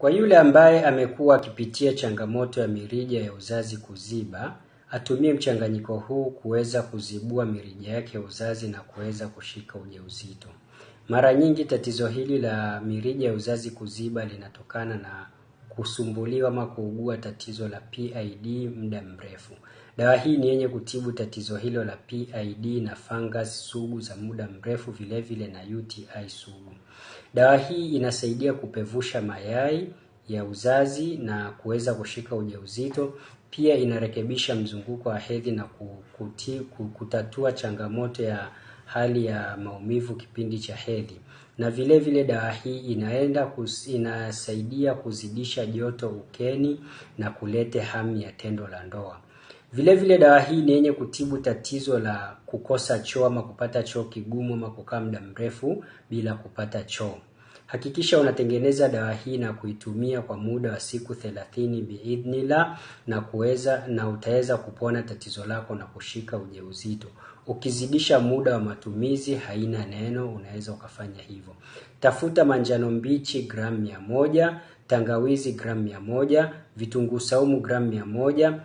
Kwa yule ambaye amekuwa akipitia changamoto ya mirija ya uzazi kuziba, atumie mchanganyiko huu kuweza kuzibua mirija yake ya uzazi na kuweza kushika ujauzito. Mara nyingi tatizo hili la mirija ya uzazi kuziba linatokana na kusumbuliwa ama kuugua tatizo la PID muda mrefu. Dawa hii ni yenye kutibu tatizo hilo la PID na fungus sugu za muda mrefu vile vile na UTI sugu. Dawa hii inasaidia kupevusha mayai ya uzazi na kuweza kushika ujauzito. Pia inarekebisha mzunguko wa hedhi na kutatua changamoto ya hali ya maumivu kipindi cha hedhi, na vile vile dawa hii inaenda kus, inasaidia kuzidisha joto ukeni na kulete hamu ya tendo la ndoa. Vile vile dawa hii ni yenye kutibu tatizo la kukosa choo ama kupata choo kigumu ama kukaa muda mrefu bila kupata choo. Hakikisha unatengeneza dawa hii na kuitumia kwa muda wa siku thelathini biidhnillah na kuweza na utaweza kupona tatizo lako na kushika ujauzito. Ukizidisha muda wa matumizi haina neno, unaweza ukafanya hivyo. Tafuta manjano mbichi gramu mia moja, tangawizi gramu mia moja, vitunguu saumu gramu mia moja,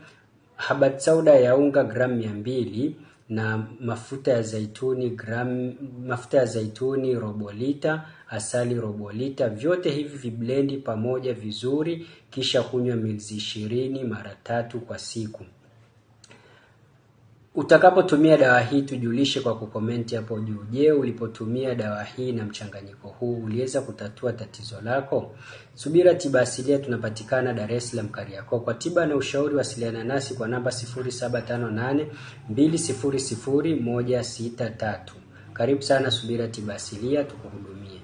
habat sauda ya unga gramu mia mbili, na mafuta ya zaituni gram, mafuta ya zaituni robo lita, asali robo lita. Vyote hivi viblendi pamoja vizuri, kisha kunywa milzi ishirini mara tatu kwa siku. Utakapotumia dawa hii tujulishe kwa kukomenti hapo juu. Je, ulipotumia dawa hii na mchanganyiko huu uliweza kutatua tatizo lako? Subira Tiba Asilia tunapatikana Dar es Salaam Kariakoo. Kwa tiba na ushauri wasiliana nasi kwa namba 0758 200163. Karibu sana Subira Tiba Asilia tukuhudumie.